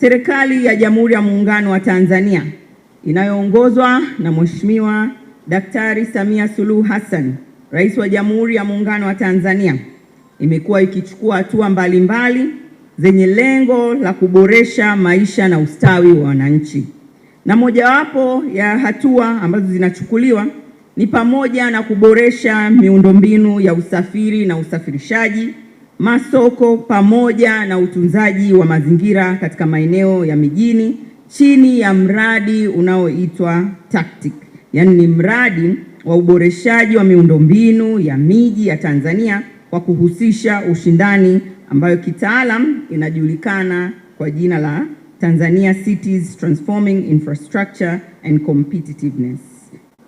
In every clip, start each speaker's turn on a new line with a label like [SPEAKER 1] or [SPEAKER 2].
[SPEAKER 1] Serikali ya Jamhuri ya Muungano wa Tanzania inayoongozwa na Mheshimiwa Daktari Samia Suluhu Hassan, Rais wa Jamhuri ya Muungano wa Tanzania, imekuwa ikichukua hatua mbalimbali zenye lengo la kuboresha maisha na ustawi wa wananchi, na mojawapo ya hatua ambazo zinachukuliwa ni pamoja na kuboresha miundombinu ya usafiri na usafirishaji masoko pamoja na utunzaji wa mazingira katika maeneo ya mijini chini ya mradi unaoitwa TACTIC, yaani ni mradi wa uboreshaji wa miundombinu ya miji ya Tanzania kwa kuhusisha ushindani, ambayo kitaalam inajulikana kwa jina la Tanzania Cities Transforming Infrastructure and Competitiveness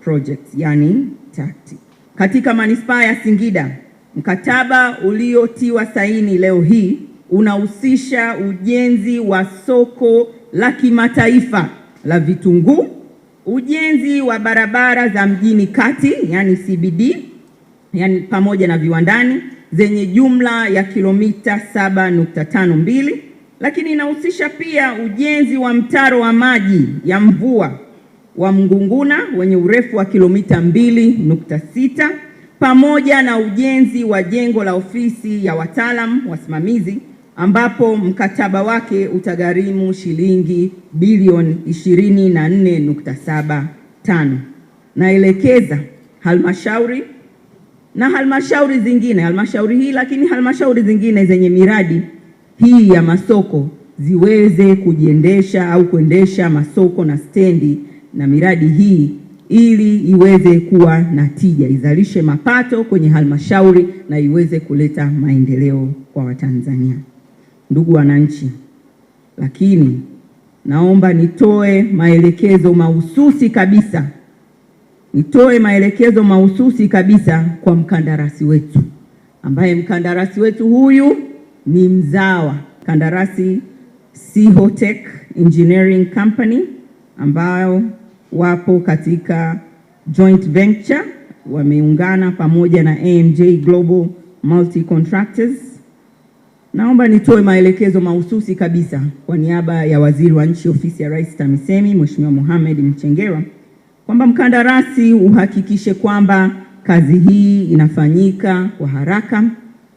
[SPEAKER 1] Project, yani TACTIC. Katika manispaa ya Singida Mkataba uliotiwa saini leo hii unahusisha ujenzi wa soko la kimataifa la vitunguu, ujenzi wa barabara za mjini kati, yani CBD, yani pamoja na viwandani zenye jumla ya kilomita 7.52, lakini inahusisha pia ujenzi wa mtaro wa maji ya mvua wa mgunguna wenye urefu wa kilomita 2.6 pamoja na ujenzi wa jengo la ofisi ya wataalam wasimamizi ambapo mkataba wake utagharimu shilingi bilioni 24.75. Naelekeza halmashauri na halmashauri zingine, halmashauri hii lakini halmashauri zingine zenye miradi hii ya masoko ziweze kujiendesha au kuendesha masoko na stendi na miradi hii ili iweze kuwa na tija, izalishe mapato kwenye halmashauri na iweze kuleta maendeleo kwa Watanzania. Ndugu wananchi, lakini naomba nitoe maelekezo mahususi kabisa, nitoe maelekezo mahususi kabisa kwa mkandarasi wetu ambaye mkandarasi wetu huyu ni mzawa, mkandarasi Sihotech Engineering Company ambayo wapo katika joint venture wameungana pamoja na AMJ Global Multi Contractors. Naomba nitoe maelekezo mahususi kabisa kwa niaba ya Waziri wa Nchi, Ofisi ya Rais TAMISEMI, Mheshimiwa Mohamed Mchengerwa kwamba mkandarasi uhakikishe kwamba kazi hii inafanyika kwa haraka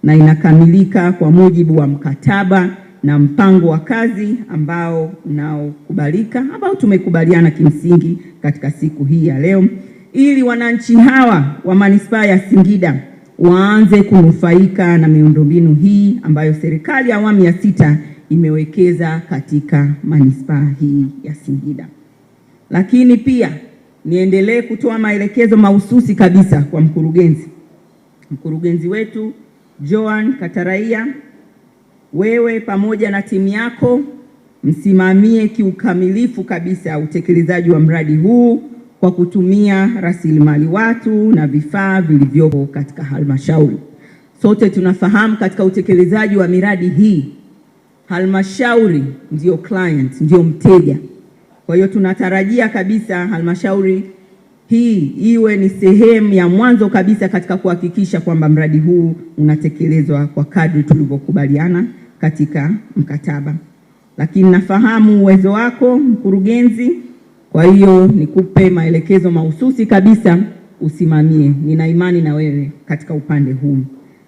[SPEAKER 1] na inakamilika kwa mujibu wa mkataba na mpango wa kazi ambao unaokubalika ambao tumekubaliana kimsingi katika siku hii ya leo, ili wananchi hawa wa manispaa ya Singida waanze kunufaika na miundombinu hii ambayo serikali ya awamu ya sita imewekeza katika manispaa hii ya Singida. Lakini pia niendelee kutoa maelekezo mahususi kabisa kwa mkurugenzi mkurugenzi wetu Joan Kataraia wewe pamoja na timu yako msimamie kiukamilifu kabisa utekelezaji wa mradi huu kwa kutumia rasilimali watu na vifaa vilivyopo katika halmashauri. Sote tunafahamu katika utekelezaji wa miradi hii halmashauri ndio client, ndio mteja. Kwa hiyo tunatarajia kabisa halmashauri hii iwe ni sehemu ya mwanzo kabisa katika kuhakikisha kwamba mradi huu unatekelezwa kwa kadri tulivyokubaliana katika mkataba, lakini nafahamu uwezo wako mkurugenzi. Kwa hiyo nikupe maelekezo mahususi kabisa usimamie. Nina imani na wewe katika upande huu.